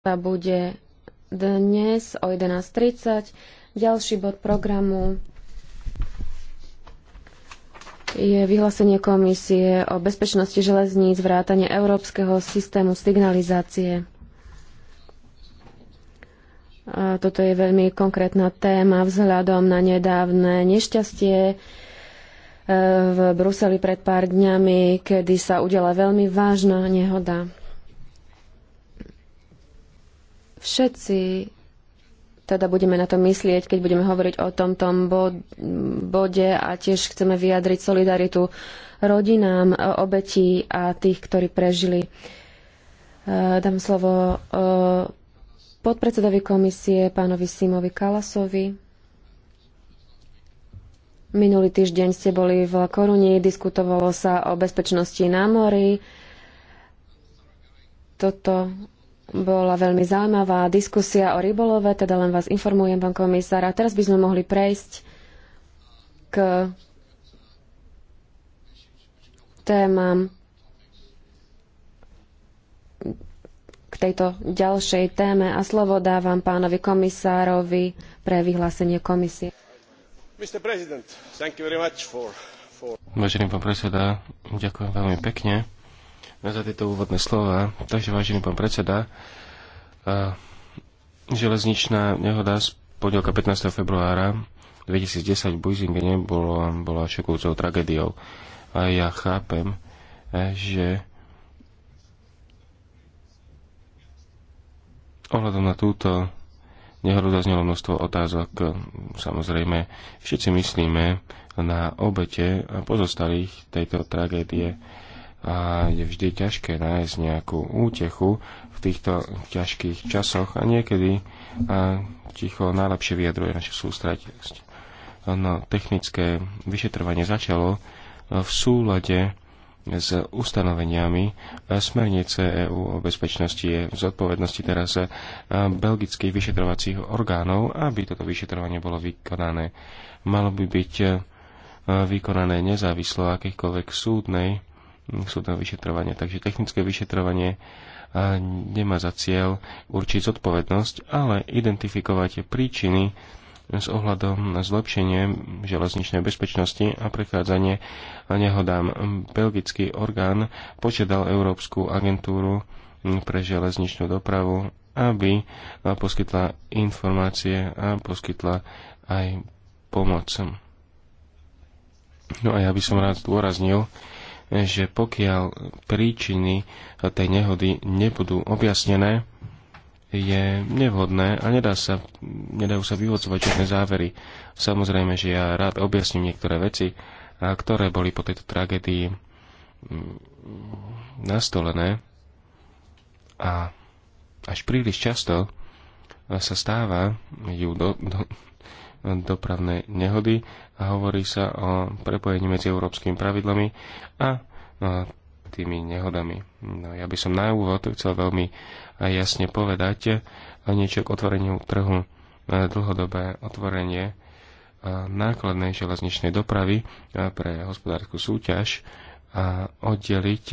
sa bude dnes o 11.30. Ďalší bod programu je vyhlásenie komisie o bezpečnosti železníc vrátane Európskeho systému signalizácie. A toto je veľmi konkrétna téma vzhľadom na nedávne nešťastie e, v Bruseli pred pár dňami, kedy sa udela veľmi vážna nehoda. Všetci teda budeme na to myslieť, keď budeme hovoriť o tomto bode a tiež chceme vyjadriť solidaritu rodinám e, obetí a tých, ktorí prežili. E, dám slovo e, podpredsedovi komisie, pánovi Simovi Kalasovi. Minulý týždeň ste boli v Koruni, diskutovalo sa o bezpečnosti na mori. Toto bola veľmi zaujímavá diskusia o rybolove, teda len vás informujem, pán komisár. A teraz by sme mohli prejsť k témam, k tejto ďalšej téme a slovo dávam pánovi komisárovi pre vyhlásenie komisie. Vážený pán predseda, ďakujem veľmi pekne za tieto úvodné slova. Takže, vážený pán predseda, železničná nehoda z pondelka 15. februára 2010 v Buizingene bola, bola šokujúcou tragédiou. A ja chápem, e, že ohľadom na túto nehodu zaznelo množstvo otázok. Samozrejme, všetci myslíme na obete a pozostalých tejto tragédie a je vždy ťažké nájsť nejakú útechu v týchto ťažkých časoch a niekedy a ticho najlepšie vyjadruje našu sústratenosť. No, technické vyšetrovanie začalo v súlade s ustanoveniami smernice EÚ o bezpečnosti je v zodpovednosti teraz belgických vyšetrovacích orgánov, aby toto vyšetrovanie bolo vykonané. Malo by byť e, vykonané nezávislo akýchkoľvek súdnej súdneho vyšetrovania. Takže technické vyšetrovanie nemá za cieľ určiť zodpovednosť, ale identifikovať príčiny s ohľadom na zlepšenie železničnej bezpečnosti a prechádzanie nehodám. Belgický orgán požiadal Európsku agentúru pre železničnú dopravu, aby poskytla informácie a poskytla aj pomoc. No a ja by som rád zdôraznil, že pokiaľ príčiny tej nehody nebudú objasnené, je nevhodné a nedá sa, nedajú sa vyvodcovať žiadne závery. Samozrejme, že ja rád objasním niektoré veci, ktoré boli po tejto tragédii mm, nastolené a až príliš často sa stáva, ju do, do, dopravné nehody a hovorí sa o prepojení medzi európskymi pravidlami a tými nehodami. No, ja by som na úvod chcel veľmi jasne povedať niečo k otvoreniu trhu. E, dlhodobé otvorenie e, nákladnej železničnej dopravy e, pre hospodárskú súťaž a oddeliť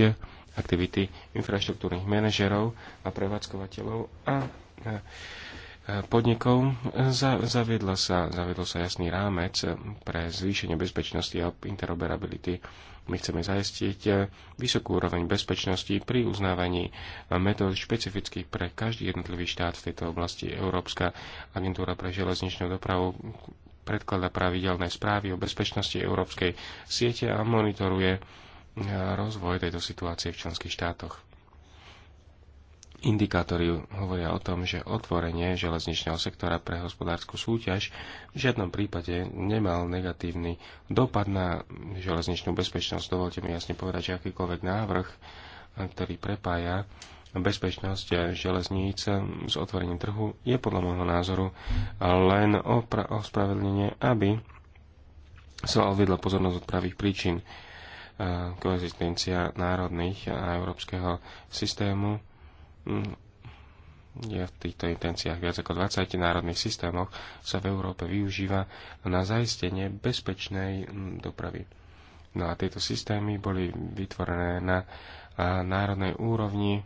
aktivity infraštruktúrnych manažerov a prevádzkovateľov a podnikov. Zaviedla sa, zaviedol sa jasný rámec pre zvýšenie bezpečnosti a interoperability. My chceme zajistiť vysokú úroveň bezpečnosti pri uznávaní metód špecifických pre každý jednotlivý štát v tejto oblasti. Európska agentúra pre železničnú dopravu predklada pravidelné správy o bezpečnosti európskej siete a monitoruje rozvoj tejto situácie v členských štátoch. Indikátory hovoria o tom, že otvorenie železničného sektora pre hospodárskú súťaž v žiadnom prípade nemal negatívny dopad na železničnú bezpečnosť. Dovolte mi jasne povedať, že akýkoľvek návrh, ktorý prepája bezpečnosť železníc s otvorením trhu je podľa môjho názoru len ospravedlnenie, aby sa odvedla pozornosť od pravých príčin eh, koexistencia národných a európskeho systému Mm. je v týchto intenciách viac ako 20 národných systémoch, sa v Európe využíva na zaistenie bezpečnej mm, dopravy. No a tieto systémy boli vytvorené na národnej úrovni,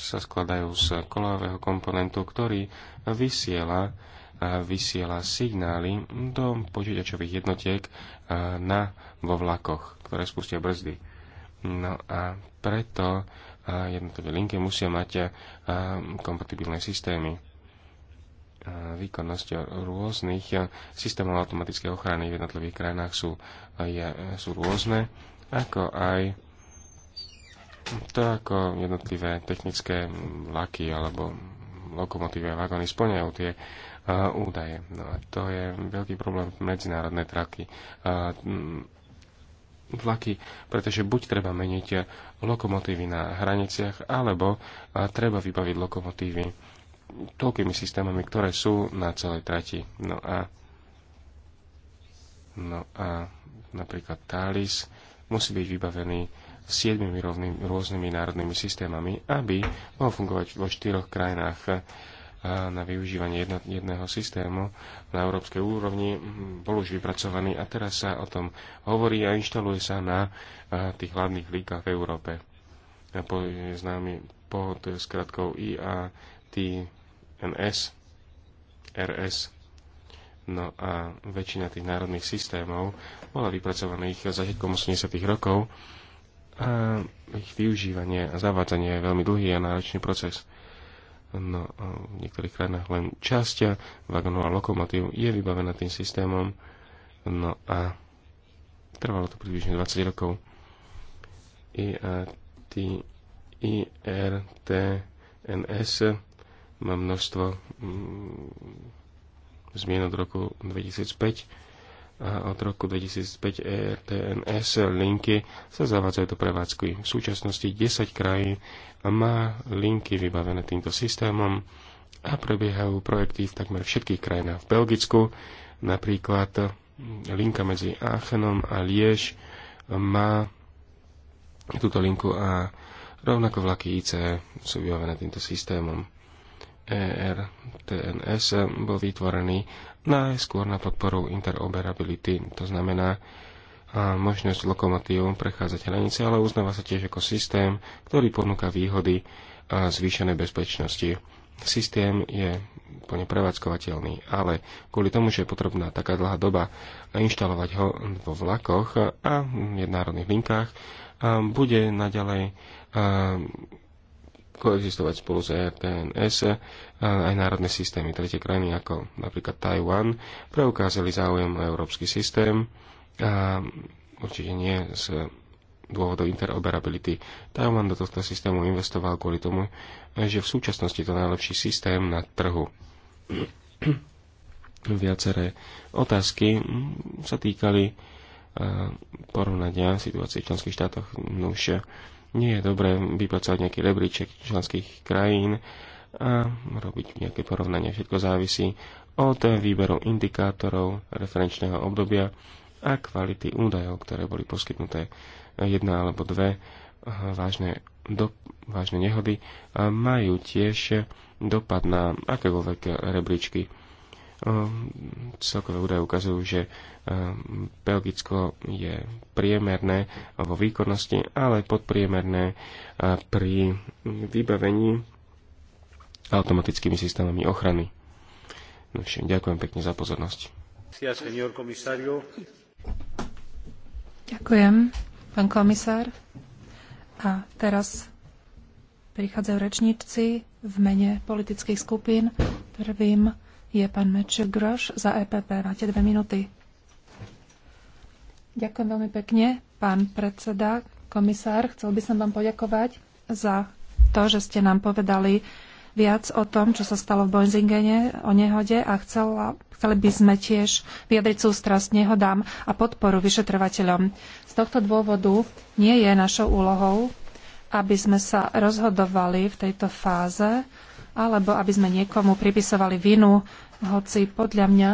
sa skladajú z kolového komponentu, ktorý vysiela, vysiela signály do počítačových jednotiek na, vo vlakoch, ktoré spustia brzdy No a preto jednotlivé linky musia mať kompatibilné systémy výkonnosť rôznych systémov automatickej ochrany v jednotlivých krajinách sú, je, sú rôzne, ako aj to, ako jednotlivé technické vlaky alebo lokomotívy a vagóny splňajú tie údaje. No a to je veľký problém medzinárodnej traky. A, m, vlaky, pretože buď treba meniť lokomotívy na hraniciach, alebo treba vybaviť lokomotívy toľkými systémami, ktoré sú na celej trati. No a, no a napríklad Thalys musí byť vybavený siedmimi rovnými, rôznymi národnými systémami, aby mohol fungovať vo štyroch krajinách na využívanie jedno, jedného systému na európskej úrovni bol už vypracovaný a teraz sa o tom hovorí a inštaluje sa na tých hlavných líkach v Európe. Po, je známy pod skratkou IATNS, RS. No a väčšina tých národných systémov bola vypracovaných začiatkom 80. rokov a ich využívanie a zavádzanie je veľmi dlhý a náročný proces. No, v niektorých krajinách len časť vagónov a lokomotív je vybavená tým systémom. No a trvalo to približne 20 rokov. N, S má množstvo mm, zmien od roku 2005 a od roku 2005 ERTNS linky sa zavádzajú do prevádzky. V súčasnosti 10 krajín má linky vybavené týmto systémom a prebiehajú projekty v takmer všetkých krajinách. V Belgicku napríklad linka medzi Aachenom a Liež má túto linku a rovnako vlaky IC e sú vybavené týmto systémom. ERTNS e, bol vytvorený najskôr na podporu interoperability, to znamená možnosť lokomotív prechádzať hranice, ale uznáva sa tiež ako systém, ktorý ponúka výhody a zvýšené bezpečnosti. Systém je plne prevádzkovateľný, ale kvôli tomu, že je potrebná taká dlhá doba inštalovať ho vo vlakoch a v národných linkách, bude naďalej koexistovať spolu s RTNS e aj národné systémy. Tretie krajiny ako napríklad Tajwan preukázali záujem o európsky systém a určite nie z dôvodov interoperability. Taiwan do tohto systému investoval kvôli tomu, že v súčasnosti je to najlepší systém na trhu. Viaceré otázky sa týkali eh, porovnania situácie v členských štátoch. Už eh, nie je dobré vypracovať nejaký rebríček členských krajín a robiť nejaké porovnanie. Všetko závisí od výberu indikátorov referenčného obdobia a kvality údajov, ktoré boli poskytnuté jedna alebo dve eh, vážne, do, vážne nehody eh, majú tiež dopad na akékoľvek rebríčky Ehm, celkové údaje ukazujú, že ehm, Belgicko je priemerné vo výkonnosti, ale podpriemerné pri vybavení automatickými systémami ochrany. No všem, ďakujem pekne za pozornosť. Ďakujem, pán komisár. A teraz prichádzajú rečníci v mene politických skupín. Prvým je pán Meč Groš za EPP. Máte dve minúty. Ďakujem veľmi pekne, pán predseda, komisár. Chcel by som vám poďakovať za to, že ste nám povedali viac o tom, čo sa stalo v Bojzingene o nehode a chcela, chceli by sme tiež vyjadriť sústrasť nehodám a podporu vyšetrovateľom. Z tohto dôvodu nie je našou úlohou, aby sme sa rozhodovali v tejto fáze alebo aby sme niekomu pripisovali vinu, hoci podľa mňa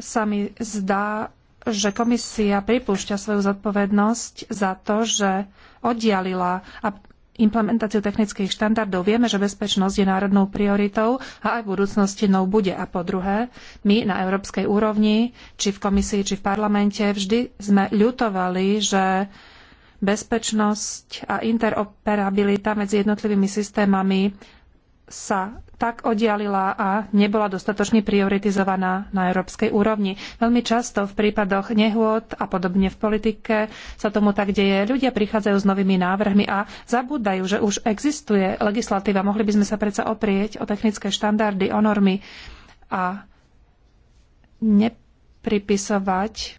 sa mi zdá, že komisia pripúšťa svoju zodpovednosť za to, že oddialila a implementáciu technických štandardov. Vieme, že bezpečnosť je národnou prioritou a aj v budúcnosti nou bude. A po druhé, my na európskej úrovni, či v komisii, či v parlamente, vždy sme ľutovali, že bezpečnosť a interoperabilita medzi jednotlivými systémami sa tak oddialila a nebola dostatočne prioritizovaná na európskej úrovni. Veľmi často v prípadoch nehôd a podobne v politike sa tomu tak deje. Ľudia prichádzajú s novými návrhmi a zabúdajú, že už existuje legislatíva. Mohli by sme sa predsa oprieť o technické štandardy, o normy a nepripisovať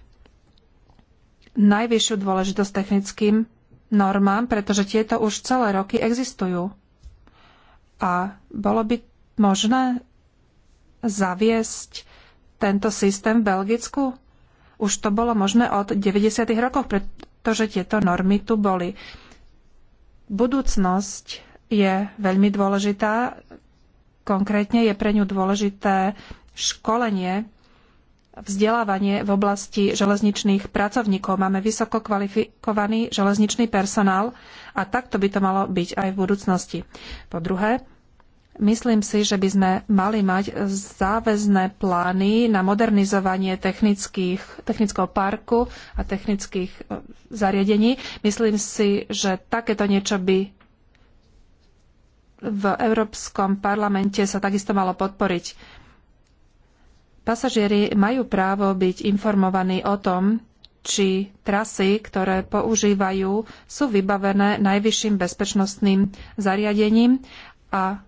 najvyššiu dôležitosť technickým normám, pretože tieto už celé roky existujú. A bolo by možné zaviesť tento systém v Belgicku? Už to bolo možné od 90. rokov, pretože tieto normy tu boli. Budúcnosť je veľmi dôležitá. Konkrétne je pre ňu dôležité školenie, vzdelávanie v oblasti železničných pracovníkov. Máme vysoko kvalifikovaný železničný personál a takto by to malo byť aj v budúcnosti. Po druhé, Myslím si, že by sme mali mať záväzné plány na modernizovanie technického parku a technických e, zariadení. Myslím si, že takéto niečo by v Európskom parlamente sa takisto malo podporiť. Pasažieri majú právo byť informovaní o tom, či trasy, ktoré používajú, sú vybavené najvyšším bezpečnostným zariadením a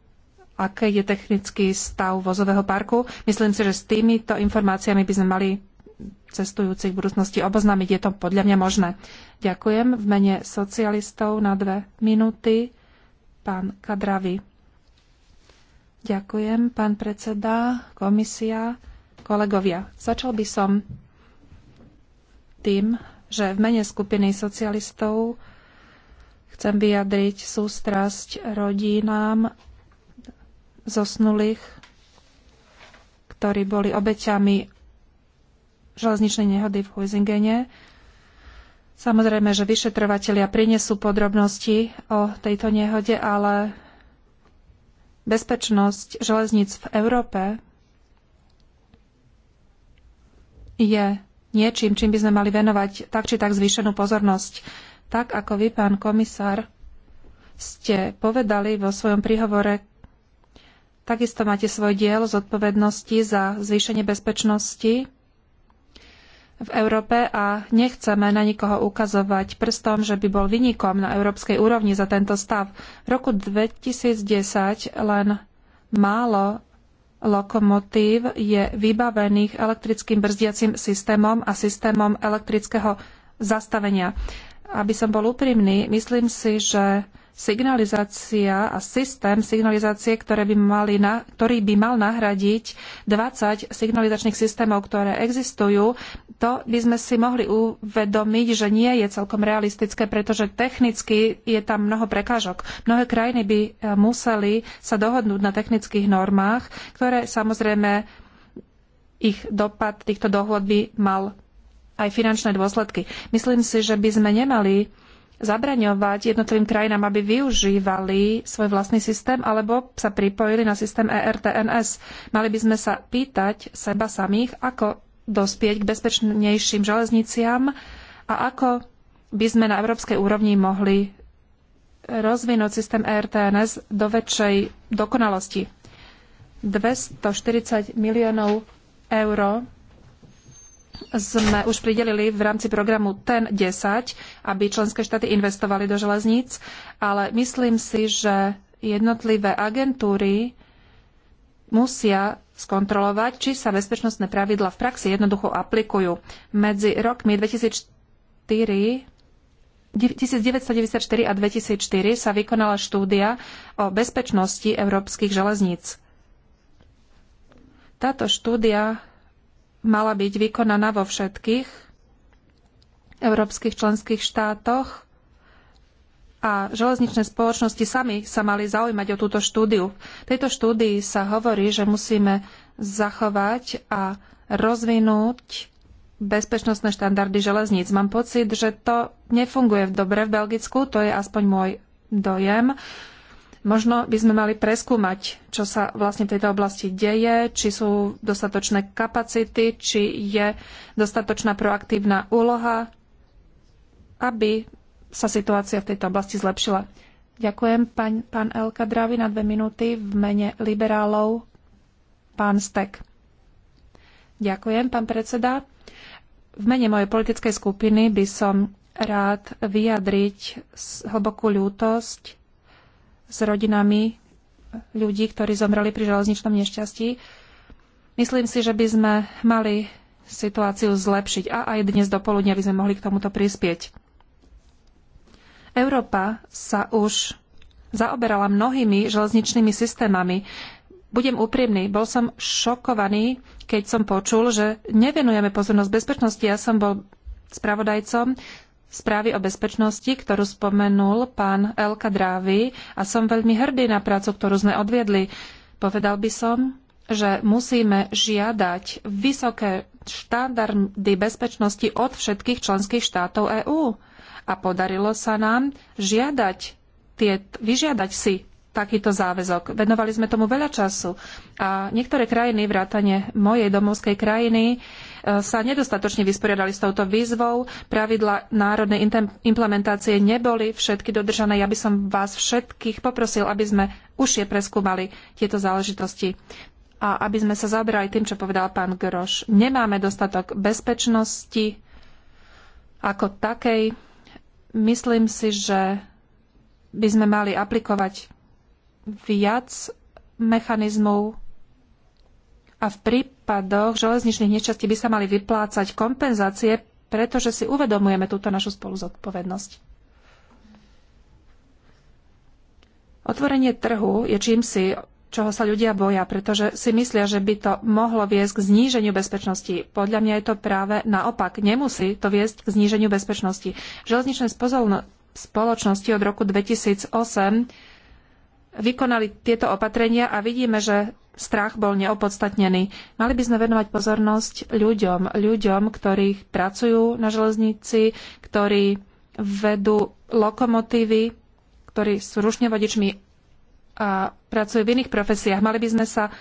aký je technický stav vozového parku. Myslím si, že s týmito informáciami by sme mali cestujúcich v budúcnosti oboznámiť. Je to podľa mňa možné. Ďakujem v mene socialistov na dve minúty. Pán Kadravi. Ďakujem, pán predseda, komisia, kolegovia. Začal by som tým, že v mene skupiny socialistov chcem vyjadriť sústrasť rodinám zosnulých, ktorí boli obeťami železničnej nehody v Huizingene. Samozrejme, že vyšetrovatelia prinesú podrobnosti o tejto nehode, ale bezpečnosť železníc v Európe je niečím, čím by sme mali venovať tak či tak zvýšenú pozornosť. Tak ako vy, pán komisár, ste povedali vo svojom príhovore Takisto máte svoj diel zodpovednosti za zvýšenie bezpečnosti v Európe a nechceme na nikoho ukazovať prstom, že by bol vynikom na európskej úrovni za tento stav. V roku 2010 len málo lokomotív je vybavených elektrickým brzdiacím systémom a systémom elektrického zastavenia. Aby som bol úprimný, myslím si, že signalizácia a systém signalizácie, ktoré by mali na, ktorý by mal nahradiť 20 signalizačných systémov, ktoré existujú, to by sme si mohli uvedomiť, že nie je celkom realistické, pretože technicky je tam mnoho prekážok. Mnohé krajiny by e, museli sa dohodnúť na technických normách, ktoré samozrejme ich dopad týchto dohod by mal aj finančné dôsledky. Myslím si, že by sme nemali zabraňovať jednotlivým krajinám, aby využívali svoj vlastný systém alebo sa pripojili na systém ERTMS. Mali by sme sa pýtať seba samých, ako dospieť k bezpečnejším železniciam a ako by sme na európskej úrovni mohli rozvinúť systém ERTNS do väčšej dokonalosti. 240 miliónov eur sme už pridelili v rámci programu TEN 10, aby členské štáty investovali do železníc, ale myslím si, že jednotlivé agentúry musia skontrolovať, či sa bezpečnostné pravidla v praxi jednoducho aplikujú. Medzi rokmi 2004 1994 a 2004 sa vykonala štúdia o bezpečnosti európskych železníc. Táto štúdia mala byť vykonaná vo všetkých európskych členských štátoch a železničné spoločnosti sami sa mali zaujímať o túto štúdiu. V tejto štúdii sa hovorí, že musíme zachovať a rozvinúť bezpečnostné štandardy železníc. Mám pocit, že to nefunguje dobre v Belgicku, to je aspoň môj dojem. Uh, Možno by sme mali preskúmať, čo sa vlastne v tejto oblasti deje, či sú dostatočné kapacity, či je dostatočná proaktívna úloha, aby sa situácia v tejto oblasti zlepšila. Ďakujem, pán, pán Elka Dravy, na dve minúty v mene liberálov, pán Stek. Ďakujem, pán predseda. V mene mojej politickej skupiny by som rád vyjadriť hlbokú ľútosť s rodinami ľudí, ktorí zomreli pri železničnom nešťastí. Myslím si, že by sme mali situáciu zlepšiť a aj dnes do poludnia by sme mohli k tomuto prispieť. Európa sa už zaoberala mnohými železničnými systémami. Budem úprimný, bol som šokovaný, keď som počul, že nevenujeme pozornosť bezpečnosti. Ja som bol spravodajcom správy o bezpečnosti, ktorú spomenul pán El Kadrávi a som veľmi hrdý na prácu, ktorú sme odviedli. Povedal by som, že musíme žiadať vysoké štandardy bezpečnosti od všetkých členských štátov EÚ. A podarilo sa nám žiadať tie, vyžiadať si takýto záväzok. Venovali sme tomu veľa času a niektoré krajiny, vrátane mojej domovskej krajiny, sa nedostatočne vysporiadali s touto výzvou. Pravidla národnej implementácie neboli všetky dodržané. Ja by som vás všetkých poprosil, aby sme užšie preskúmali tieto záležitosti a aby sme sa zaoberali tým, čo povedal pán Groš. Nemáme dostatok bezpečnosti ako takej. Myslím si, že by sme mali aplikovať viac mechanizmov a v prípade, prípadoch železničných nešťastí by sa mali vyplácať kompenzácie, pretože si uvedomujeme túto našu spolu zodpovednosť. Otvorenie trhu je čímsi, čoho sa ľudia boja, pretože si myslia, že by to mohlo viesť k zníženiu bezpečnosti. Podľa mňa je to práve naopak. Nemusí to viesť k zníženiu bezpečnosti. Železničné spoločnosti od roku 2008 vykonali tieto opatrenia a vidíme, že strach bol neopodstatnený. Mali by sme venovať pozornosť ľuďom, ľuďom, ktorí pracujú na železnici, ktorí vedú lokomotívy, ktorí sú rušne vodičmi a pracujú v iných profesiách. Mali by sme sa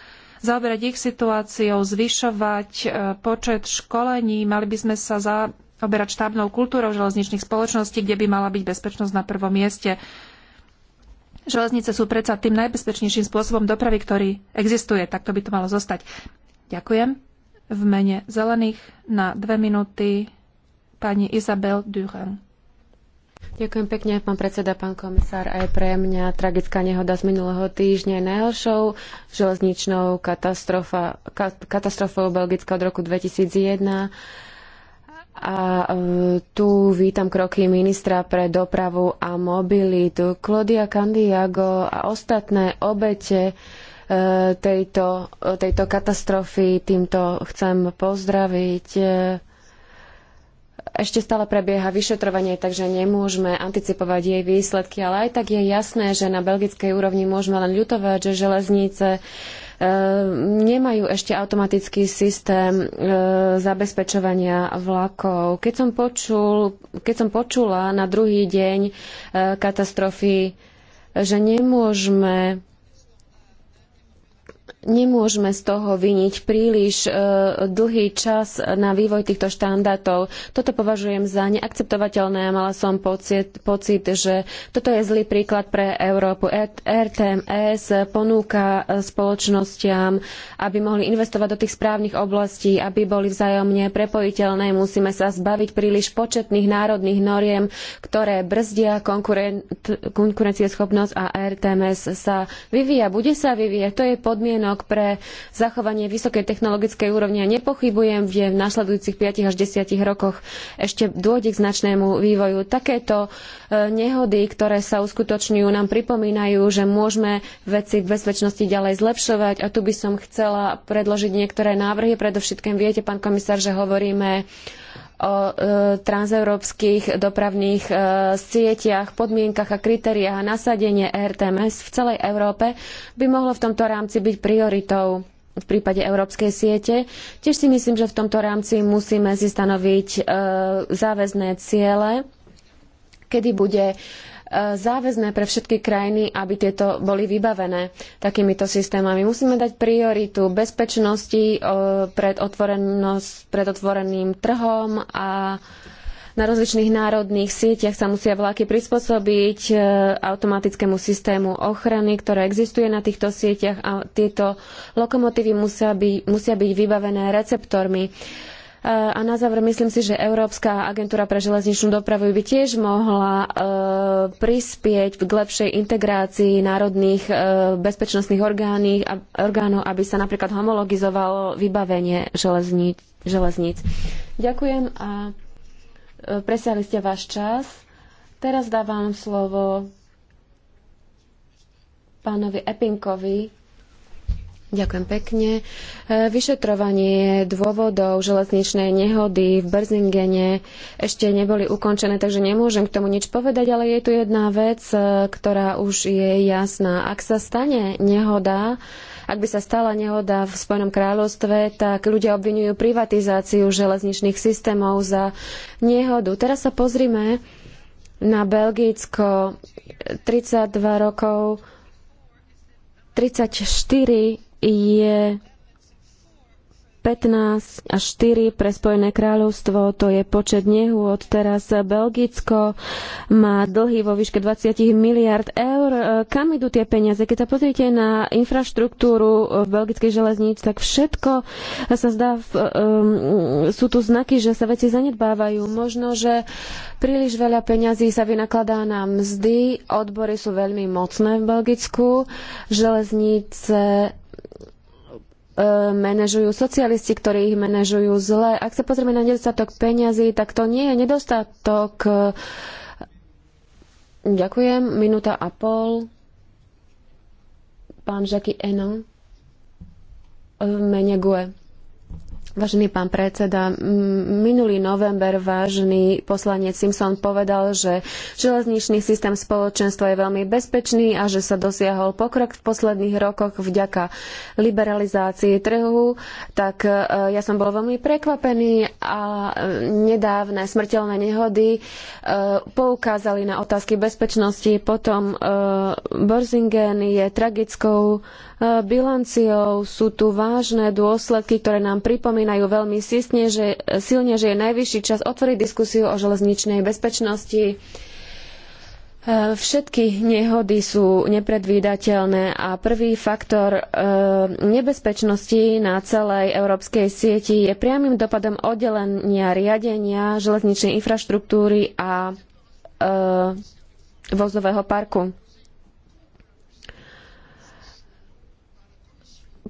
zaoberať ich situáciou, zvyšovať e, počet školení, mali by sme sa zaoberať štábnou kultúrou železničných spoločností, kde by mala byť bezpečnosť na prvom mieste. Železnice sú predsa tým najbezpečnejším spôsobom dopravy, ktorý existuje. Tak to by to malo zostať. Ďakujem. V mene zelených na dve minúty pani Isabel Durand. Ďakujem pekne, pán predseda, pán komisár. Aj pre mňa tragická nehoda z minulého týždňa je najhoršou železničnou katastrofou Belgická od roku 2001 a e, tu vítam kroky ministra pre dopravu a mobilitu. Claudia Candiago a ostatné obete e, tejto, e, tejto katastrofy týmto chcem pozdraviť. Ešte stále prebieha vyšetrovanie, takže nemôžeme anticipovať jej výsledky, ale aj tak je jasné, že na belgickej úrovni môžeme len ľutovať, že železnice uh, nemajú ešte automatický systém e, zabezpečovania vlakov. Keď som, počul, keď som počula na druhý deň e, katastrofy, že nemôžeme nemôžeme z toho vyniť príliš e, dlhý čas na vývoj týchto štandardov. Toto považujem za neakceptovateľné a mala som pocit, pocit že toto je zlý príklad pre Európu. E, RTMS ponúka e, spoločnostiam, aby mohli investovať do tých správnych oblastí, aby boli vzájomne prepojiteľné. Musíme sa zbaviť príliš početných národných noriem, ktoré brzdia konkurencieschopnosť a RTMS sa vyvíja, bude sa vyvíjať. To je podmienok podmienok pre zachovanie vysokej technologickej úrovne a nepochybujem, že v nasledujúcich 5 až 10 rokoch ešte dôjde k značnému vývoju. Takéto e, nehody, ktoré sa uskutočňujú, nám pripomínajú, že môžeme veci v bezpečnosti ďalej zlepšovať a tu by som chcela predložiť niektoré návrhy. Predovšetkým viete, pán komisár, že hovoríme o e, transeurópskych dopravných e, sieťach, podmienkach a kritériách a nasadenie RTMS v celej Európe by mohlo v tomto rámci byť prioritou v prípade európskej siete. Tiež si myslím, že v tomto rámci musíme si stanoviť e, záväzné ciele, kedy bude Eh, záväzné pre všetky krajiny, aby tieto boli vybavené takýmito systémami. Musíme dať prioritu bezpečnosti eh, pred, pred otvoreným trhom a na rozličných národných sieťach sa musia vlaky prispôsobiť eh, automatickému systému ochrany, ktoré existuje na týchto sieťach a tieto lokomotívy musia byť, musia byť vybavené receptormi E, a na záver myslím si, že Európska agentúra pre železničnú dopravu by tiež mohla e, prispieť k lepšej integrácii národných e, bezpečnostných orgánov, aby sa napríklad homologizovalo vybavenie železníc. Ďakujem a presiahli ste váš čas. Teraz dávam slovo pánovi Epinkovi, Ďakujem pekne. E, vyšetrovanie dôvodov železničnej nehody v Brzingene ešte neboli ukončené, takže nemôžem k tomu nič povedať, ale je tu jedna vec, e, ktorá už je jasná. Ak sa stane nehoda, ak by sa stala nehoda v Spojenom kráľovstve, tak ľudia obvinujú privatizáciu železničných systémov za nehodu. Teraz sa pozrime na Belgicko. 32 rokov 34 je 15 až 4 pre Spojené kráľovstvo, to je počet od Teraz Belgicko má dlhy vo výške 20 miliard eur. Kam idú tie peniaze? Keď sa pozriete na infraštruktúru v belgickej železníc, tak všetko sa zdá, um, sú tu znaky, že sa veci zanedbávajú. Možno, že príliš veľa peňazí sa vynakladá na mzdy, odbory sú veľmi mocné v Belgicku, železnice E, manažujú socialisti, ktorí ich manažujú zle. Ak sa pozrieme na nedostatok peňazí, tak to nie je nedostatok. Ďakujem. Minúta a pol. Pán Žaky Eno. V mene GUE. Vážený pán predseda, minulý november vážny poslanec Simpson povedal, že železničný systém spoločenstva je veľmi bezpečný a že sa dosiahol pokrok v posledných rokoch vďaka liberalizácii trhu, tak e, ja som bol veľmi prekvapený a e, nedávne smrteľné nehody e, poukázali na otázky bezpečnosti. Potom Borzingen je tragickou bilanciou. Sú tu vážne dôsledky, ktoré nám pripomínajú veľmi silne, že, silne, že je najvyšší čas otvoriť diskusiu o železničnej bezpečnosti. E, všetky nehody sú nepredvídateľné a prvý faktor e, nebezpečnosti na celej európskej sieti je priamym dopadom oddelenia riadenia železničnej infraštruktúry a e, vozového parku.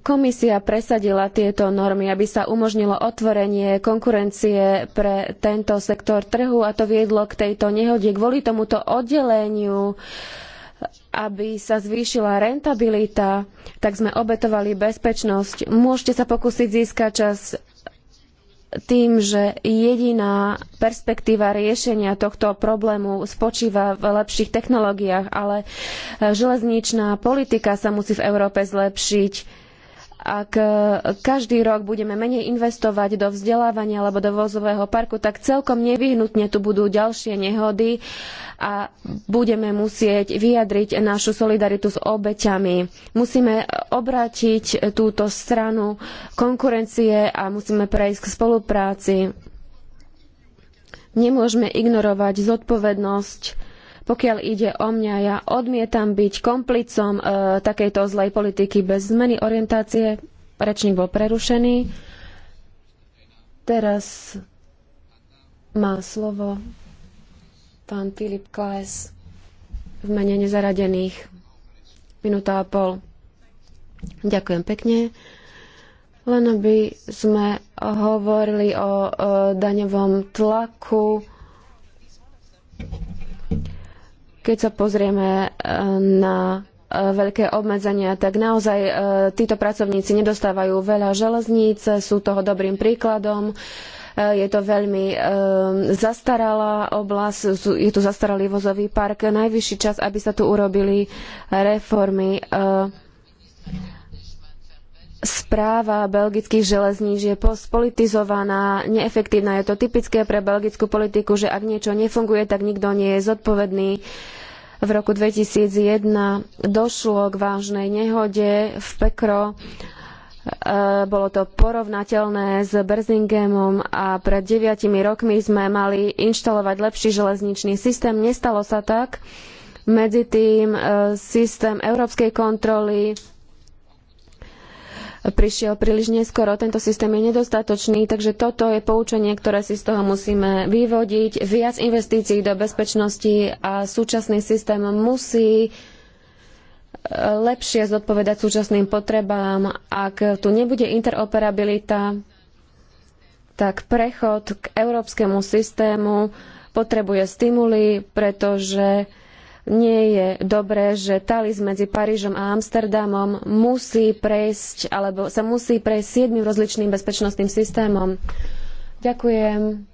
komisia presadila tieto normy, aby sa umožnilo otvorenie konkurencie pre tento sektor trhu a to viedlo k tejto nehode. Kvôli tomuto oddeleniu aby sa zvýšila rentabilita, tak sme obetovali bezpečnosť. Môžete sa pokúsiť získať čas tým, že jediná perspektíva riešenia tohto problému spočíva v lepších technológiách, ale železničná politika sa musí v Európe zlepšiť ak e, každý rok budeme menej investovať do vzdelávania alebo do vozového parku, tak celkom nevyhnutne tu budú ďalšie nehody a budeme musieť vyjadriť našu solidaritu s obeťami. Musíme obrátiť túto stranu konkurencie a musíme prejsť k spolupráci. Nemôžeme ignorovať zodpovednosť pokiaľ ide o mňa, ja odmietam byť komplicom e, takejto zlej politiky bez zmeny orientácie. Rečník bol prerušený. Teraz má slovo pán Filip Klaes v mene nezaradených. Minúta a pol. Ďakujem pekne. Len aby sme hovorili o, o e, daňovom tlaku. Keď sa pozrieme e, na e, veľké obmedzenia, tak naozaj e, títo pracovníci nedostávajú veľa železníc, sú toho dobrým príkladom. Je to veľmi zastaralá oblasť, je tu zastaralý vozový park. Najvyšší čas, aby sa tu urobili reformy správa belgických železníc je spolitizovaná, neefektívna. Je to typické pre belgickú politiku, že ak niečo nefunguje, tak nikto nie je zodpovedný. V roku 2001 došlo k vážnej nehode v Pekro. E, bolo to porovnateľné s Berzingemom a pred deviatimi rokmi sme mali inštalovať lepší železničný systém. Nestalo sa tak. Medzi tým e, systém európskej kontroly prišiel príliš neskoro. Tento systém je nedostatočný, takže toto je poučenie, ktoré si z toho musíme vyvodiť. Viac investícií do bezpečnosti a súčasný systém musí e, lepšie zodpovedať súčasným potrebám. Ak tu nebude interoperabilita, tak prechod k európskemu systému potrebuje stimuly, pretože nie je dobré, že Talis medzi Parížom a Amsterdamom musí prejsť, alebo sa musí prejsť siedmým rozličným bezpečnostným systémom. Ďakujem.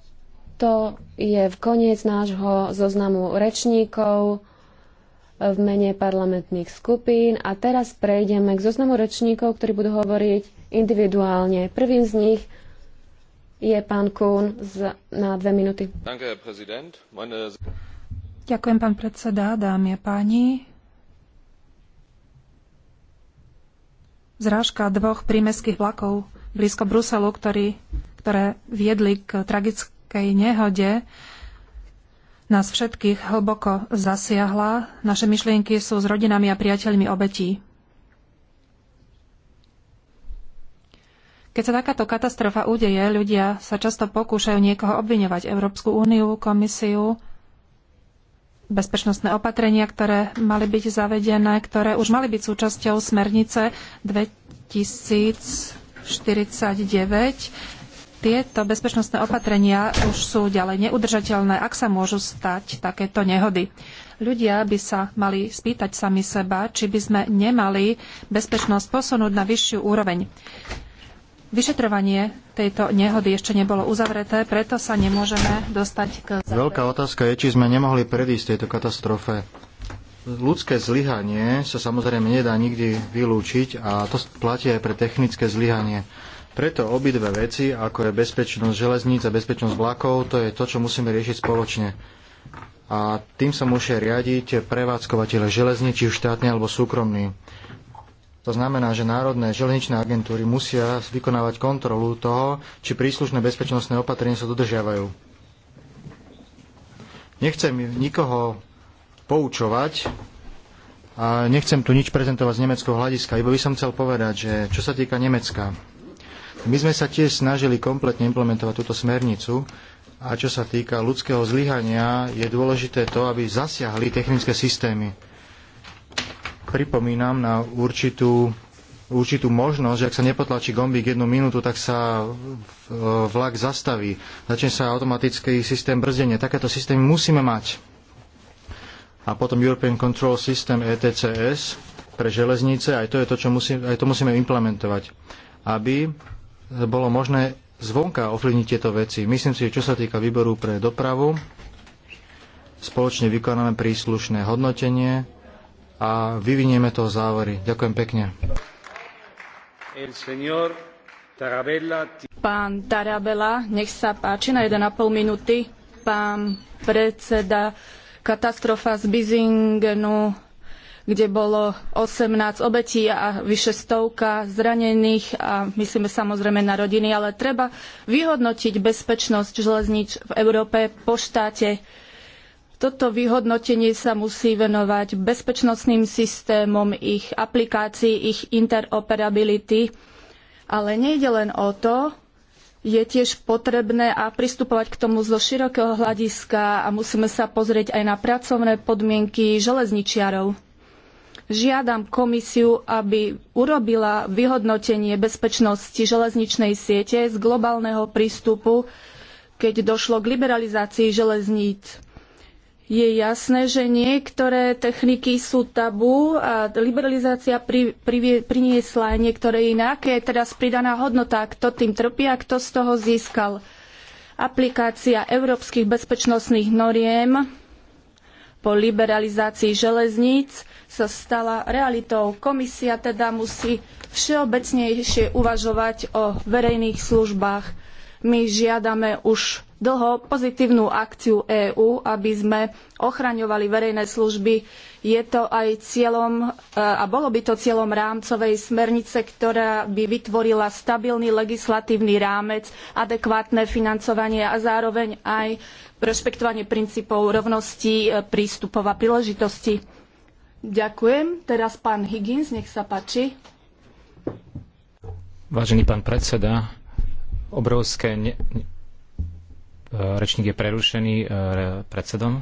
To je koniec nášho zoznamu rečníkov v mene parlamentných skupín a teraz prejdeme k zoznamu rečníkov, ktorí budú hovoriť individuálne. Prvým z nich je pán Kuhn na dve minúty. Meine... Ďakujem, pán predseda, dámy a páni. Zrážka dvoch prímeských vlakov blízko Bruselu, ktorý, ktoré viedli k tragickej nehode, nás všetkých hlboko zasiahla. Naše myšlienky sú s rodinami a priateľmi obetí. Keď sa takáto katastrofa udeje, ľudia sa často pokúšajú niekoho obviňovať Európsku úniu, komisiu, bezpečnostné opatrenia, ktoré mali byť zavedené, ktoré už mali byť súčasťou smernice 2049. Tieto bezpečnostné opatrenia už sú ďalej neudržateľné, ak sa môžu stať takéto nehody. Ľudia by sa mali spýtať sami seba, či by sme nemali bezpečnosť posunúť na vyššiu úroveň. Vyšetrovanie tejto nehody ešte nebolo uzavreté, preto sa nemôžeme dostať k... Veľká otázka je, či sme nemohli predísť tejto katastrofe. Ľudské zlyhanie sa samozrejme nedá nikdy vylúčiť a to platí aj pre technické zlyhanie. Preto obidve veci, ako je bezpečnosť železníc a bezpečnosť vlakov, to je to, čo musíme riešiť spoločne. A tým sa musia riadiť prevádzkovateľe železníc, či už štátne alebo súkromní. To znamená, že národné železničné agentúry musia vykonávať kontrolu toho, či príslušné bezpečnostné opatrenia sa dodržiavajú. Nechcem nikoho poučovať a nechcem tu nič prezentovať z nemeckého hľadiska, iba by som chcel povedať, že čo sa týka Nemecka, my sme sa tiež snažili kompletne implementovať túto smernicu a čo sa týka ľudského zlyhania, je dôležité to, aby zasiahli technické systémy pripomínam na určitú, určitú možnosť, že ak sa nepotlačí gombík jednu minútu, tak sa e, vlak zastaví. Začne sa automatický systém brzdenia. Takéto systémy musíme mať. A potom European Control System ETCS pre železnice, aj to, je to, čo musí, aj to musíme implementovať, aby bolo možné zvonka ovplyvniť tieto veci. Myslím si, že čo sa týka výboru pre dopravu, spoločne vykonáme príslušné hodnotenie a vyvinieme toho závory. Ďakujem pekne. Pán Tarabela, nech sa páči na 1,5 minúty. Pán predseda, katastrofa z Bizingenu, kde bolo 18 obetí a vyše stovka zranených a myslíme samozrejme na rodiny, ale treba vyhodnotiť bezpečnosť železníc v Európe po štáte toto vyhodnotenie sa musí venovať bezpečnostným systémom, ich aplikácií, ich interoperability, ale nejde len o to, je tiež potrebné a pristupovať k tomu zo širokého hľadiska a musíme sa pozrieť aj na pracovné podmienky železničiarov. Žiadam komisiu, aby urobila vyhodnotenie bezpečnosti železničnej siete z globálneho prístupu, keď došlo k liberalizácii železníc je jasné, že niektoré techniky sú tabu a liberalizácia pri, pri, priniesla aj niektoré iné. Aké je teraz pridaná hodnota? Kto tým trpí a kto z toho získal? Aplikácia európskych bezpečnostných noriem po liberalizácii železníc sa stala realitou. Komisia teda musí všeobecnejšie uvažovať o verejných službách my žiadame už dlho pozitívnu akciu EÚ, aby sme ochraňovali verejné služby. Je to aj cieľom, e, a bolo by to cieľom rámcovej smernice, ktorá by vytvorila stabilný legislatívny rámec, adekvátne financovanie a zároveň aj rešpektovanie princípov rovnosti e, prístupov a príležitosti. Ďakujem. Teraz pán Higgins, nech sa páči. Vážený pán predseda, obrovské... Ne... E, rečník je prerušený e, predsedom.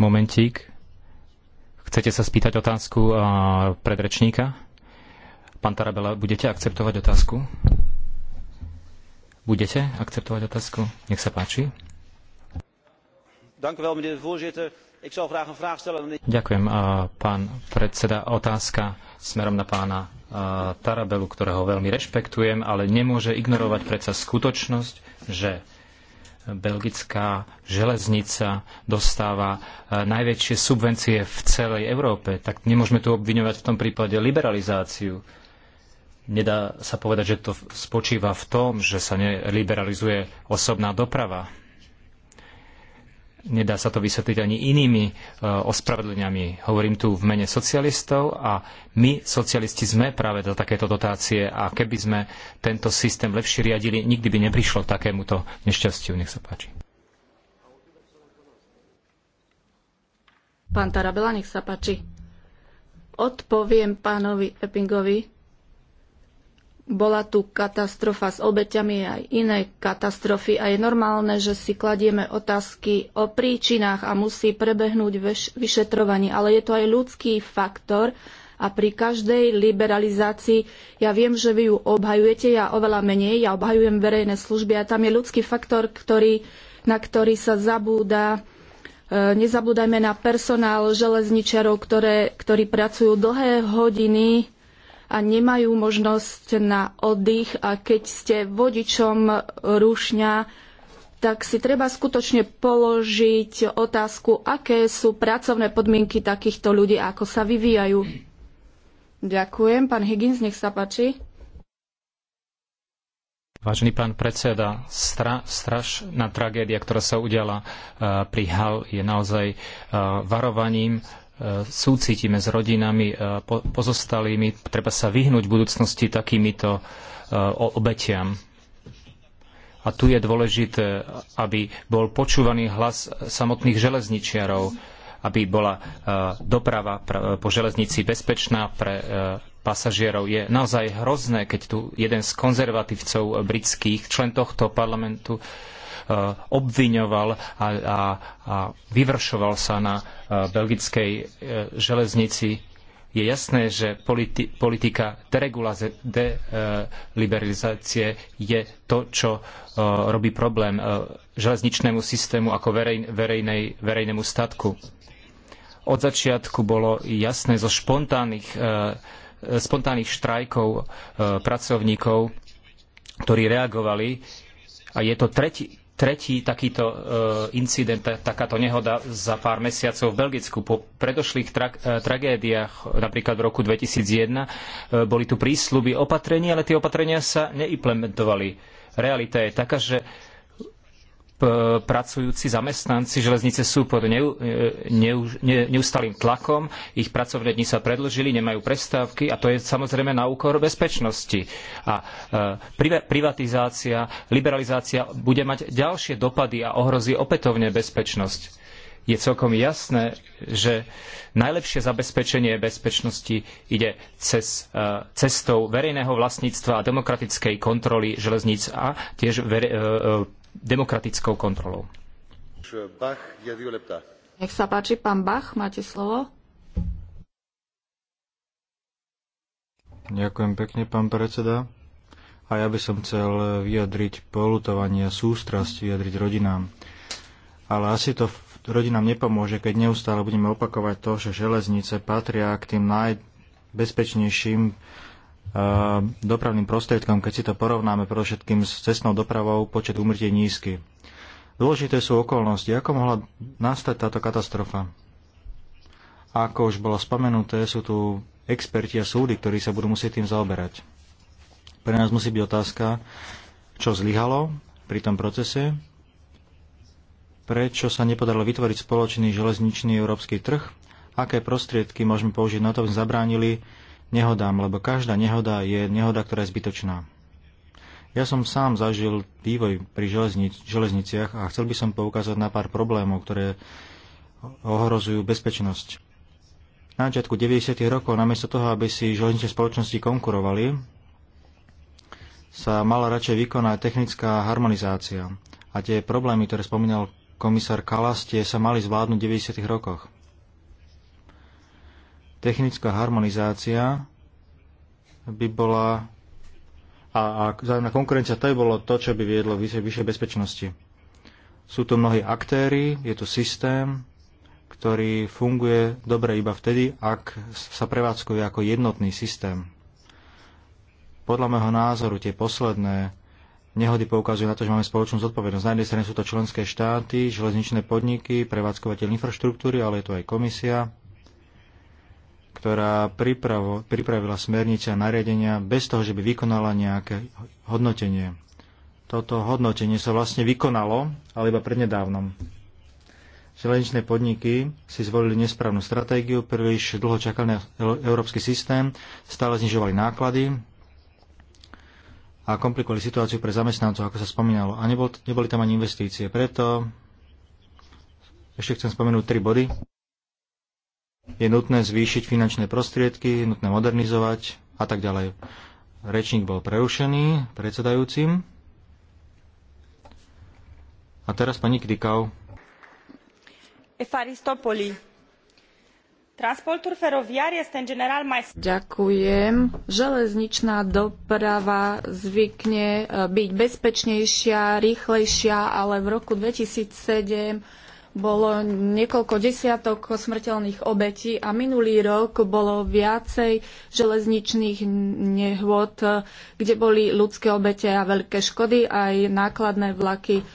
Momentík. Chcete sa spýtať otázku e, predrečníka? Pán Tarabela, budete akceptovať otázku? Budete akceptovať otázku? Nech sa páči. Dank u wel, meneer de voorzitter. Ďakujem, pán predseda. Otázka smerom na pána Tarabelu, ktorého veľmi rešpektujem, ale nemôže ignorovať predsa skutočnosť, že belgická železnica dostáva najväčšie subvencie v celej Európe. Tak nemôžeme tu obviňovať v tom prípade liberalizáciu. Nedá sa povedať, že to spočíva v tom, že sa neliberalizuje osobná doprava nedá sa to vysvetliť ani inými e, ospravedleniami. Hovorím tu v mene socialistov a my, socialisti, sme práve za takéto dotácie a keby sme tento systém lepšie riadili, nikdy by neprišlo k takémuto nešťastiu. Nech sa páči. Pán Tarabela, nech sa páči. Odpoviem pánovi Eppingovi bola tu katastrofa s obeťami aj iné katastrofy a je normálne, že si kladieme otázky o príčinách a musí prebehnúť vyšetrovanie, ale je to aj ľudský faktor a pri každej liberalizácii ja viem, že vy ju obhajujete, ja oveľa menej, ja obhajujem verejné služby a tam je ľudský faktor, ktorý, na ktorý sa zabúda. E, nezabúdajme na personál železničarov, ktoré, ktorí pracujú dlhé hodiny a nemajú možnosť na oddych a keď ste vodičom rušňa, tak si treba skutočne položiť otázku, aké sú pracovné podmienky takýchto ľudí a ako sa vyvíjajú. Ďakujem. Pán Higgins, nech sa páči. Vážený pán predseda, stra, strašná tragédia, ktorá sa udiala uh, pri HAL, je naozaj uh, varovaním súcitíme s rodinami e, pozostalými, treba sa vyhnúť v budúcnosti takýmito e, obetiam. A tu je dôležité, aby bol počúvaný hlas samotných železničiarov, aby bola e, doprava po železnici bezpečná pre pasažierov. Je naozaj hrozné, keď tu jeden z konzervatívcov britských, člen tohto parlamentu, Eh, obviňoval a, a, a vyvršoval sa na eh, belgickej eh, železnici. Je jasné, že politi- politika deliberalizácie je to, čo robí problém železničnému systému ako verej, verejnej, verejnému statku. Od začiatku bolo jasné zo spontánnych štrajkov pracovníkov, ktorí reagovali. A je to tretí, tretí takýto e, incident, takáto nehoda za pár mesiacov v Belgicku. Po predošlých tra e, tragédiách, napríklad v roku 2001, e, boli tu prísľuby opatrení, ale tie opatrenia sa neimplementovali. Realita je taká, že pracujúci zamestnanci železnice sú pod neu, e, neu, ne, neustalým tlakom, ich pracovné dni sa predlžili, nemajú prestávky a to je samozrejme na úkor bezpečnosti. A e, privatizácia, liberalizácia bude mať ďalšie dopady a ohrozí opätovne bezpečnosť. Je celkom jasné, že najlepšie zabezpečenie bezpečnosti ide cez, e, cestou verejného vlastníctva a demokratickej kontroly železníc a tiež ver, e, e demokratickou kontrolou. Bach, Nech sa páči, pán Bach, máte slovo. Ďakujem pekne, pán predseda. A ja by som chcel vyjadriť polutovanie, sústrasť vyjadriť rodinám. Ale asi to rodinám nepomôže, keď neustále budeme opakovať to, že železnice patria k tým najbezpečnejším Ehm, dopravným prostriedkom, keď si to porovnáme predovšetkým s cestnou dopravou, počet úmrtí je nízky. Dôležité sú okolnosti. Ako mohla nastať táto katastrofa? Ako už bolo spomenuté, sú tu experti a súdy, ktorí sa budú musieť tým zaoberať. Pre nás musí byť otázka, čo zlyhalo pri tom procese, prečo sa nepodarilo vytvoriť spoločný železničný európsky trh, aké prostriedky môžeme použiť na to, aby zabránili nehodám, lebo každá nehoda je nehoda, ktorá je zbytočná. Ja som sám zažil vývoj pri železnic, železniciach a chcel by som poukázať na pár problémov, ktoré ohrozujú bezpečnosť. Na začiatku 90. rokov, namiesto toho, aby si železničné spoločnosti konkurovali, sa mala radšej vykonať technická harmonizácia. A tie problémy, ktoré spomínal komisár Kalas, tie sa mali zvládnuť v 90. rokoch technická harmonizácia by bola a, a vzájomná konkurencia to by bolo to, čo by viedlo k vyššej bezpečnosti. Sú tu mnohí aktéry, je tu systém, ktorý funguje dobre iba vtedy, ak sa prevádzkuje ako jednotný systém. Podľa môjho názoru tie posledné nehody poukazujú na to, že máme spoločnú zodpovednosť. Na jednej strane sú to členské štáty, železničné podniky, prevádzkovateľ infraštruktúry, ale je to aj komisia, ktorá pripravo, pripravila smernice a nariadenia bez toho, že by vykonala nejaké hodnotenie. Toto hodnotenie sa vlastne vykonalo, ale iba prednedávnom. Železničné podniky si zvolili nesprávnu stratégiu, príliš dlho čakali na e, európsky systém, stále znižovali náklady a komplikovali situáciu pre zamestnancov, ako sa spomínalo. A nebol, neboli tam ani investície. Preto ešte chcem spomenúť tri body. Je nutné zvýšiť finančné prostriedky, je nutné modernizovať a tak ďalej. Rečník bol prerušený predsedajúcim. A teraz pani Krikau. Efaristopoli. Transportul feroviar este în general mai... Ďakujem. Železničná doprava zvykne eh, byť bezpečnejšia, rýchlejšia, ale v roku 2007 bolo niekoľko desiatok smrteľných obetí a minulý rok bolo viacej železničných nehôd, kde boli ľudské obete a veľké škody, aj nákladné vlaky.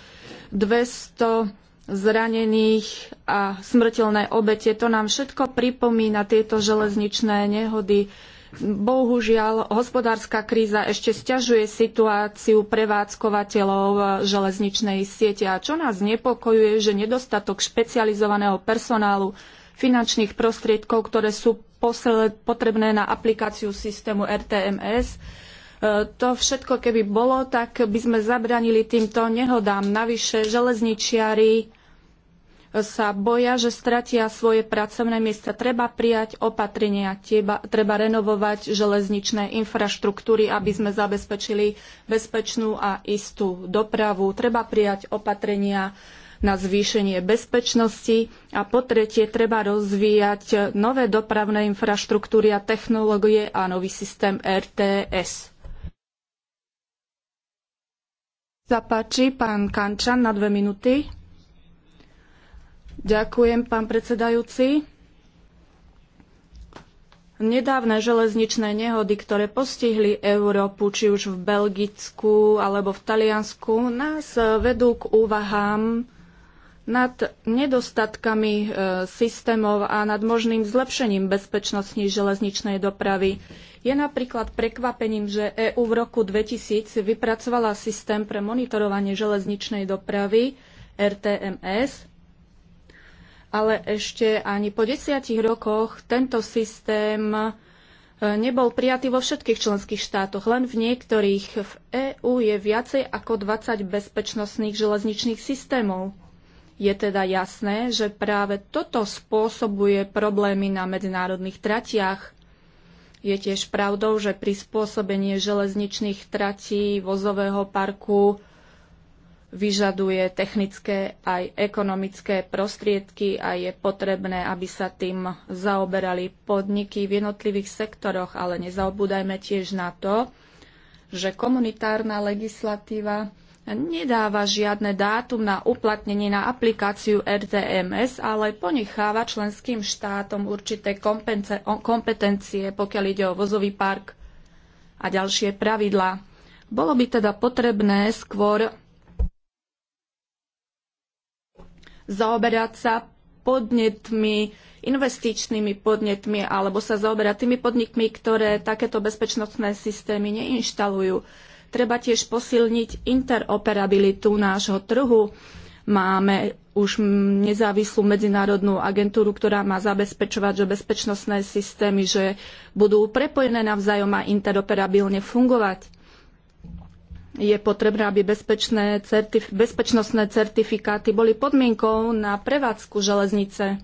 200 zranených a smrteľné obete. To nám všetko pripomína tieto železničné nehody. Bohužiaľ, hospodárska kríza ešte stiažuje situáciu prevádzkovateľov železničnej siete a čo nás znepokojuje, že nedostatok špecializovaného personálu finančných prostriedkov, ktoré sú potrebné na aplikáciu systému RTMS, e, to všetko keby bolo, tak by sme zabranili týmto nehodám. Navyše železničiari sa boja, že stratia svoje pracovné miesta. Treba prijať opatrenia, teba, treba renovovať železničné infraštruktúry, aby sme zabezpečili bezpečnú a istú dopravu. Treba prijať opatrenia na zvýšenie bezpečnosti a po tretie treba rozvíjať nové dopravné infraštruktúry a technológie a nový systém RTS. Zapáči pán Kančan na dve minúty. Ďakujem, pán predsedajúci. Nedávne železničné nehody, ktoré postihli Európu, či už v Belgicku alebo v Taliansku, nás eh, vedú k úvahám nad nedostatkami eh, systémov a nad možným zlepšením bezpečnosti železničnej dopravy. Je napríklad prekvapením, že EÚ v roku 2000 vypracovala systém pre monitorovanie železničnej dopravy RTMS, ale ešte ani po desiatich rokoch tento systém e, nebol prijatý vo všetkých členských štátoch, len v niektorých. V EÚ je viacej ako 20 bezpečnostných železničných systémov. Je teda jasné, že práve toto spôsobuje problémy na medzinárodných tratiach. Je tiež pravdou, že prispôsobenie železničných tratí vozového parku vyžaduje technické aj ekonomické prostriedky a je potrebné, aby sa tým zaoberali podniky v jednotlivých sektoroch, ale nezaobúdajme tiež na to, že komunitárna legislatíva nedáva žiadne dátum na uplatnenie na aplikáciu RTMS, ale ponecháva členským štátom určité kompetencie, pokiaľ ide o vozový park a ďalšie pravidlá. Bolo by teda potrebné skôr zaoberať sa podnetmi, investičnými podnetmi alebo sa zaoberať tými podnikmi, ktoré takéto bezpečnostné systémy neinštalujú. Treba tiež posilniť interoperabilitu nášho trhu. Máme už nezávislú medzinárodnú agentúru, ktorá má zabezpečovať, že bezpečnostné systémy že budú prepojené navzájom a interoperabilne fungovať je potrebné, aby bezpečné certif- bezpečnostné certifikáty boli podmienkou na prevádzku železnice.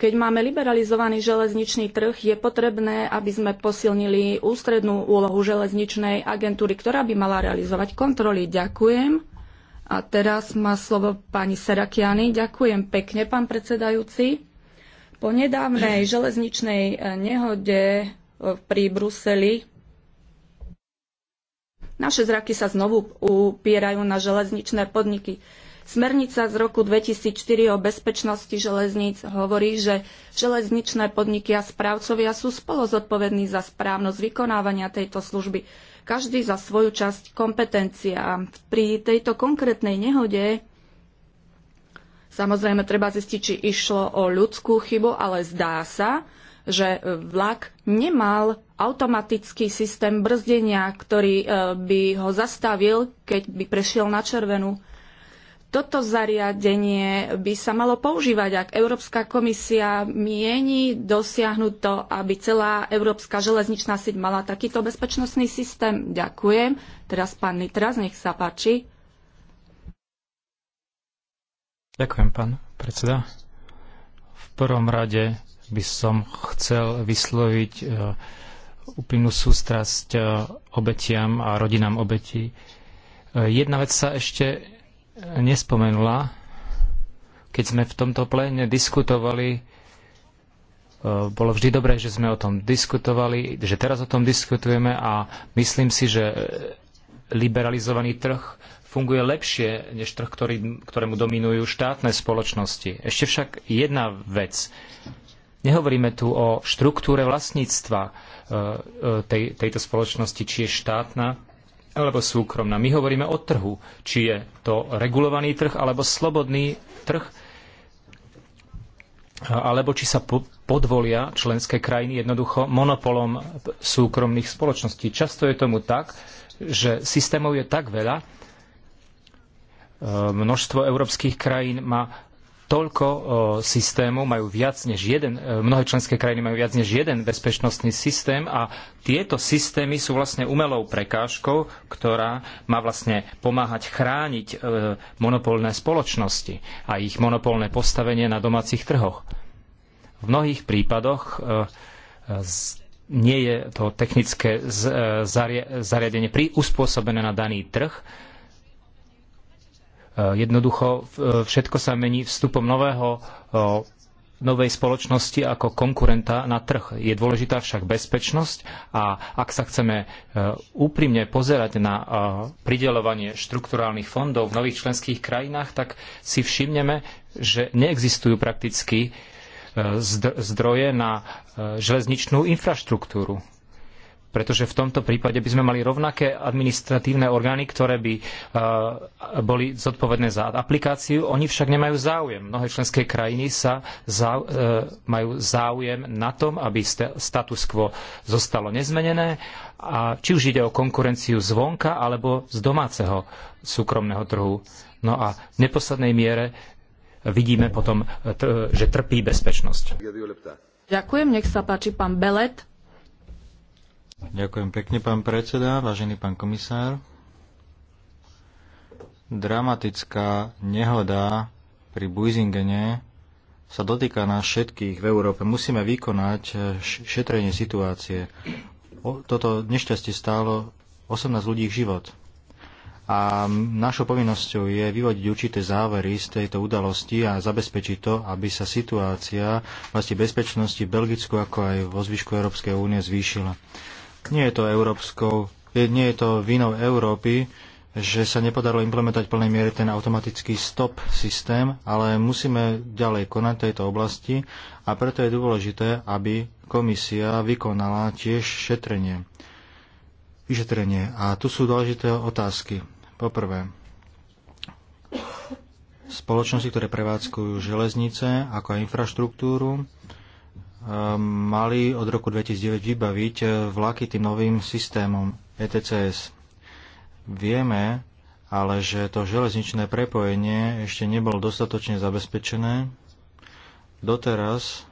Keď máme liberalizovaný železničný trh, je potrebné, aby sme posilnili ústrednú úlohu železničnej agentúry, ktorá by mala realizovať kontroly. Ďakujem. A teraz má slovo pani Serakiany. Ďakujem pekne, pán predsedajúci. Po nedávnej železničnej eh, nehode eh, pri Bruseli naše zraky sa znovu upierajú na železničné podniky. Smernica z roku 2004 o bezpečnosti železníc hovorí, že železničné podniky a správcovia sú spolo zodpovední za správnosť vykonávania tejto služby. Každý za svoju časť kompetencia. A pri tejto konkrétnej nehode samozrejme treba zistiť, či išlo o ľudskú chybu, ale zdá sa, že e, vlak nemal automatický systém brzdenia, ktorý e, by ho zastavil, keď by prešiel na červenú. Toto zariadenie by sa malo používať, ak Európska komisia mieni dosiahnuť to, aby celá Európska železničná sieť mala takýto bezpečnostný systém. Ďakujem. Teraz pán Nitras, nech sa páči. Ďakujem, pán predseda. V prvom rade by som chcel vysloviť e, úplnú sústrasť e, obetiam a rodinám obetí. E, jedna vec sa ešte nespomenula, keď sme v tomto pléne diskutovali, bolo vždy dobré, že sme o tom diskutovali, že teraz o tom diskutujeme a myslím si, že liberalizovaný trh funguje lepšie než trh, ktorý, ktorému dominujú štátne spoločnosti. Ešte však jedna vec. Nehovoríme tu o štruktúre vlastníctva e, e, tej, tejto spoločnosti, či je štátna alebo súkromná. My hovoríme o trhu, či je to regulovaný trh alebo slobodný trh, alebo či sa podvolia členské krajiny jednoducho monopolom súkromných spoločností. Často je tomu tak, že systémov je tak veľa, e, množstvo európskych krajín má toľko systémov, majú viac než jeden, e, mnohé členské krajiny majú viac než jeden bezpečnostný systém a tieto systémy sú vlastne umelou prekážkou, ktorá má vlastne pomáhať chrániť e, monopolné spoločnosti a ich monopolné postavenie na domácich trhoch. V mnohých prípadoch e, nie je to technické zariadenie uspôsobené na daný trh, Eh, jednoducho eh, všetko sa mení vstupom nového, eh, novej spoločnosti ako konkurenta na trh. Je dôležitá však bezpečnosť a ak sa chceme úprimne pozerať na prideľovanie štrukturálnych fondov v nových členských krajinách, tak si všimneme, že neexistujú prakticky zdroje na železničnú infraštruktúru pretože v tomto prípade by sme mali rovnaké administratívne orgány, ktoré by e, boli zodpovedné za aplikáciu. Oni však nemajú záujem. Mnohé členské krajiny sa e, majú záujem na tom, aby status quo zostalo nezmenené, a či už ide o konkurenciu zvonka alebo z domáceho súkromného trhu. No a v neposlednej miere vidíme potom, e, že trpí bezpečnosť. Ďakujem, nech sa páči pán Belet. Ďakujem pekne, pán predseda, vážený pán komisár. Dramatická nehoda pri Buizingene sa dotýka nás všetkých v Európe. Musíme vykonať eh, šetrenie situácie. Toto nešťastie stálo 18 ľudí život. A našou povinnosťou je vyvodiť určité závery z tejto udalosti a zabezpečiť to, aby sa situácia vlastne bezpečnosti v Belgicku ako aj vo zvyšku Európskej únie zvýšila. Nie je to európskou, nie je to vinou Európy, že sa nepodarilo implementovať v plnej miere ten automatický stop systém, ale musíme ďalej konať v tejto oblasti a preto je dôležité, aby komisia vykonala tiež šetrenie. Vyšetrenie. A tu sú dôležité otázky. Poprvé, spoločnosti, ktoré prevádzkujú železnice ako aj infraštruktúru, Ehm, mali od roku 2009 vybaviť eh, vlaky tým novým systémom ETCS. Vieme, ale že to železničné prepojenie ešte nebolo dostatočne zabezpečené. Doteraz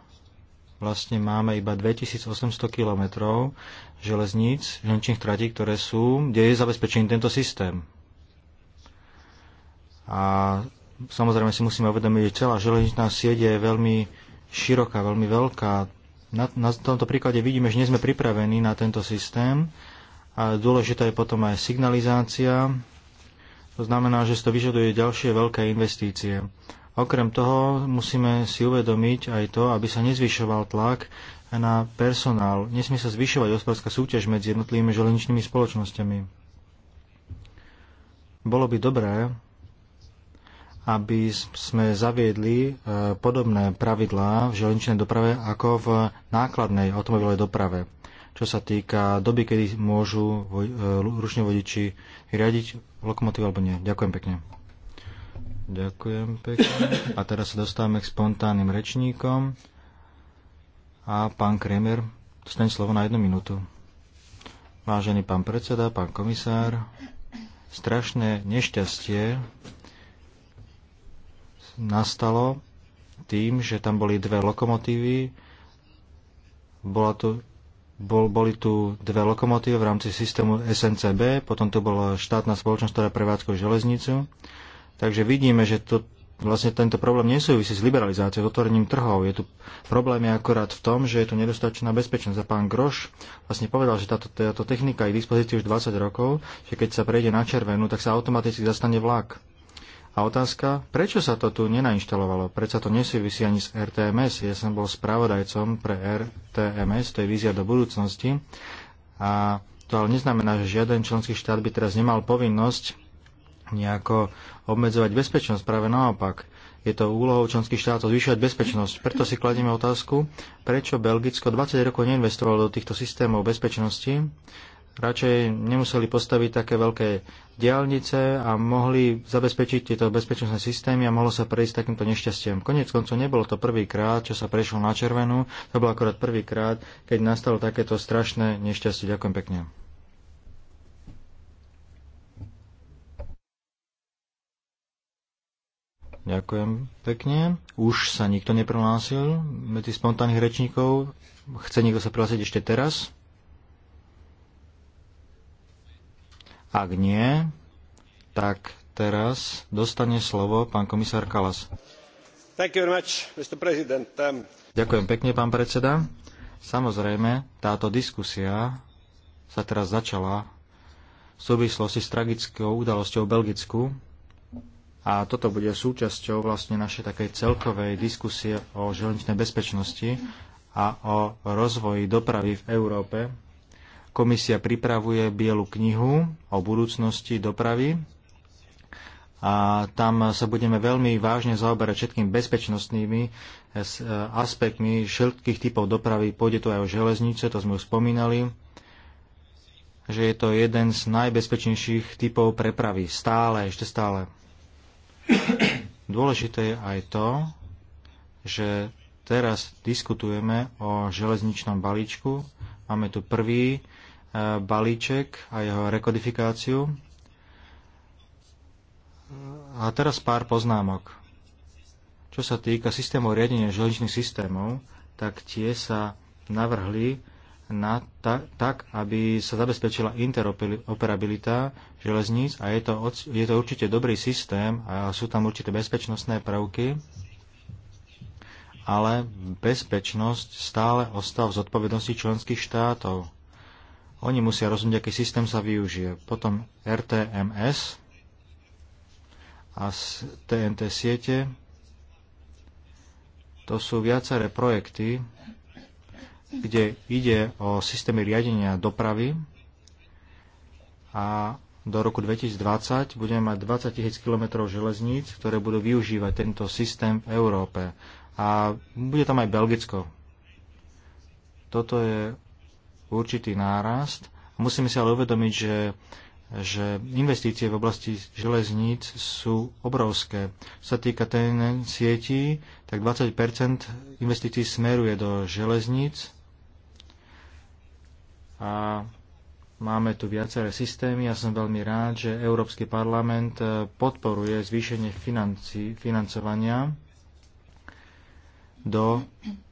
vlastne máme iba 2800 kilometrov železníc, železničných tratí, ktoré sú, kde je zabezpečený tento systém. A samozrejme si musíme uvedomiť, že celá železničná sieť je veľmi široká, veľmi veľká. Na, na tomto príklade vidíme, že nie sme pripravení na tento systém a dôležitá je potom aj signalizácia. To znamená, že to vyžaduje ďalšie veľké investície. Okrem toho musíme si uvedomiť aj to, aby sa nezvyšoval tlak na personál. Nesmie sa zvyšovať hospodárska súťaž medzi jednotlivými železničnými spoločnosťami. Bolo by dobré, aby sme zaviedli e, podobné pravidlá v železničnej doprave ako v nákladnej automobilovej doprave. Čo sa týka doby, kedy môžu ručne ruční vodiči riadiť lokomotívu alebo nie. Ďakujem pekne. Ďakujem pekne. A teraz sa dostávame k spontánnym rečníkom. A pán Kremer, dostane slovo na jednu minútu. Vážený pán predseda, pán komisár, strašné nešťastie nastalo tým, že tam boli dve lokomotívy, bola tu, bol, boli tu dve lokomotívy v rámci systému SNCB, potom tu bola štátna spoločnosť, ktorá prevádzkuje železnicu. Takže vidíme, že to, vlastne tento problém nesúvisí s liberalizáciou, s otvorením trhov. Je tu problém je akorát v tom, že je tu nedostatočná bezpečnosť. A pán Groš vlastne povedal, že táto, táto technika je v dispozícii už 20 rokov, že keď sa prejde na červenú, tak sa automaticky zastane vlak. A otázka, prečo sa to tu nenainštalovalo? Prečo to nesúvisí ani s RTMS? Ja som bol spravodajcom pre RTMS, to je vízia do budúcnosti. A to ale neznamená, že žiaden členský štát by teraz nemal povinnosť nejako obmedzovať bezpečnosť, práve naopak. Je to úlohou členských štátov zvyšovať bezpečnosť. Preto si kladieme otázku, prečo Belgicko 20 rokov neinvestovalo do týchto systémov bezpečnosti radšej nemuseli postaviť také veľké diálnice a mohli zabezpečiť tieto bezpečnostné systémy a mohlo sa prejsť takýmto nešťastiem. Konec koncov nebolo to prvýkrát, čo sa prešlo na červenú, to bolo akorát prvýkrát, keď nastalo takéto strašné nešťastie. Ďakujem pekne. Ďakujem pekne. Už sa nikto neprihlásil medzi spontánnych rečníkov. Chce niekto sa prihlásiť ešte teraz? Ak nie, tak teraz dostane slovo pán komisár Kalas. Much, um... Ďakujem pekne, pán predseda. Samozrejme, táto diskusia sa teraz začala v súvislosti s tragickou udalosťou v Belgicku a toto bude súčasťou vlastne našej takej celkovej diskusie o železničnej bezpečnosti a o rozvoji dopravy v Európe Komisia pripravuje bielu knihu o budúcnosti dopravy a tam sa budeme veľmi vážne zaoberať všetkými bezpečnostnými eh, eh, aspektmi všetkých typov dopravy. Pôjde tu aj o železnice, to sme už spomínali, že je to jeden z najbezpečnejších typov prepravy. Stále, ešte stále. Dôležité je aj to, že teraz diskutujeme o železničnom balíčku. Máme tu prvý E, balíček a jeho rekodifikáciu. A teraz pár poznámok. Čo sa týka systémov riadenia železničných systémov, tak tie sa navrhli na ta, tak, aby sa zabezpečila interoperabilita železníc a je to, je to určite dobrý systém a sú tam určité bezpečnostné prvky, ale bezpečnosť stále ostáva v zodpovednosti členských štátov. Oni musia rozhodnúť, aký systém sa využije. Potom RTMS a TNT siete. To sú viaceré projekty, kde ide o systémy riadenia dopravy a do roku 2020 budeme mať 20 000 km železníc, ktoré budú využívať tento systém v Európe. A bude tam aj Belgicko. Toto je určitý nárast. Musíme si ale uvedomiť, že, že investície v oblasti železníc sú obrovské. Čo sa týka ten sietí, tak 20 investícií smeruje do železníc a máme tu viaceré systémy. Ja som veľmi rád, že Európsky parlament e, podporuje zvýšenie financí, financovania do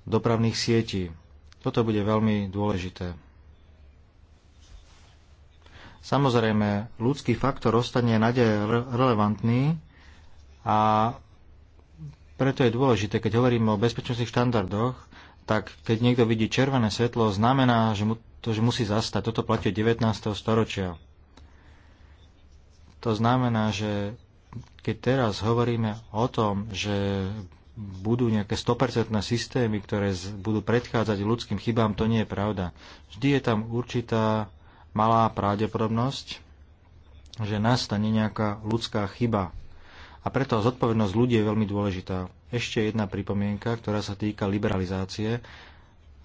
dopravných sietí. Toto bude veľmi dôležité. Samozrejme, ľudský faktor ostane nadej relevantný a preto je dôležité, keď hovoríme o bezpečnostných štandardoch, tak keď niekto vidí červené svetlo, znamená, že mu to že musí zastať. Toto platí od 19. storočia. To znamená, že keď teraz hovoríme o tom, že budú nejaké 100% systémy, ktoré budú predchádzať ľudským chybám, to nie je pravda. Vždy je tam určitá malá pravdepodobnosť, že nastane nejaká ľudská chyba. A preto zodpovednosť ľudí je veľmi dôležitá. Ešte jedna pripomienka, ktorá sa týka liberalizácie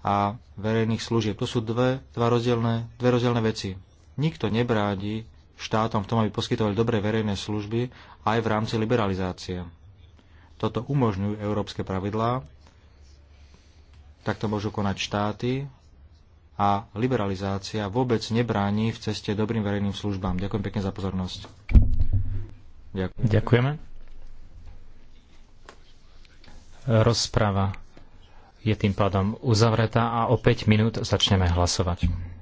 a verejných služieb. To sú dve, dva rozdielne, dve rozdielne veci. Nikto nebrádi štátom v tom, aby poskytovali dobré verejné služby aj v rámci liberalizácie. Toto umožňujú európske pravidlá, takto môžu konať štáty a liberalizácia vôbec nebráni v ceste dobrým verejným službám. Ďakujem pekne za pozornosť. Ďakujem. Ďakujeme. Rozprava je tým pádom uzavretá a o 5 minút začneme hlasovať.